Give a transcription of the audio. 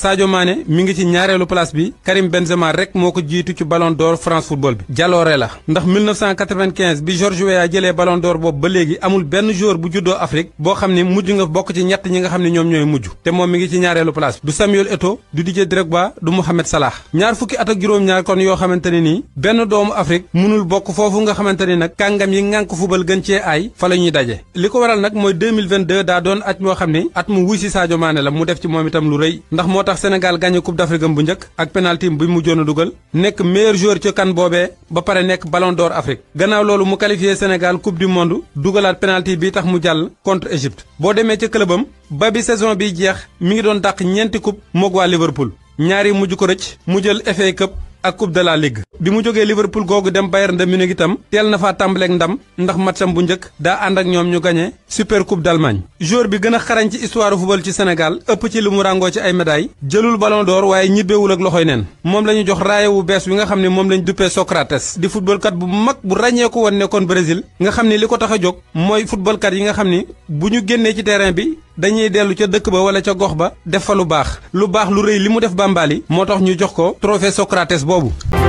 Sadio Mané mi ngi ci ñaareelu place bi Karim Benzema rek moo ko jiitu ci Ballon d'Or France Football bi jaloore la ndax 1995 bi George Weah jëlee Ballon d'Or boobu ba léegi amul benn joueur bu juddoo Afrique boo xam ne mujj nga bokk ci ñett ñi nga xam ne ñoom ñoy mujj te moom mi ngi ci ñaareelu place bi du Samuel Eto'o du Didier Drogba du Mohamed Salah ñaar fukki at ak juróom-ñaar kon yoo xamante ne nii benn doomu Afrique mënul bokk foofu nga xamante ne nag kàngam yi ngànk fubal gën cee aay fa la ñuy daje li ko waral nag mooy 2022 daa doon at moo xam ne at mu wuy si Sadio mu def ci moom itam lu rëy ndax moo tax Sénégal gagné coupe d'Afrique am bu njëkk ak penalty bi mu joon dugal nekk meilleur joueur ci kan boobee ba pare nekk ballon d'or Afrique gannaaw loolu mu qualifié Sénégal coupe du monde dugalaat penalty bi tax mu jàll contre Égypte boo demee ca clubam ba bi saison bi jeex mi ngi doon dàq ñeenti coupe moog waa Liverpool ñaari mujj ko rëcc mu jël FA Cup ak coupe de la ligue bi mu jógee Liverpool googu dem Bayern de Munich itam teel na faa tàmbaleeg ndam ndax matsam bu njëkk daa ànd ak ñoom ñu gañe super coupe d'Allemagne joueur bi gën a xarañ ci histoire football ci Sénégal ëpp ci li mu ràngoo ci ay médailles jëlul ballon d'or waaye ñibbewul ak loxoy neen moom la ñu jox raaye wu bees wi nga xam ne moom lañ duppee Socrates di footballkat bu mag bu ràññeeku woon nekkoon Brésil nga xam ne li ko tax a jóg mooy footballkat yi nga xam ne bu ñu génnee ci terrain bi dañuy dellu ca dëkk ba wala ca gox ba def fa lu baax lu baax lu rëy li mu def Bambali moo tax ñu jox ko trophée Socrates boobu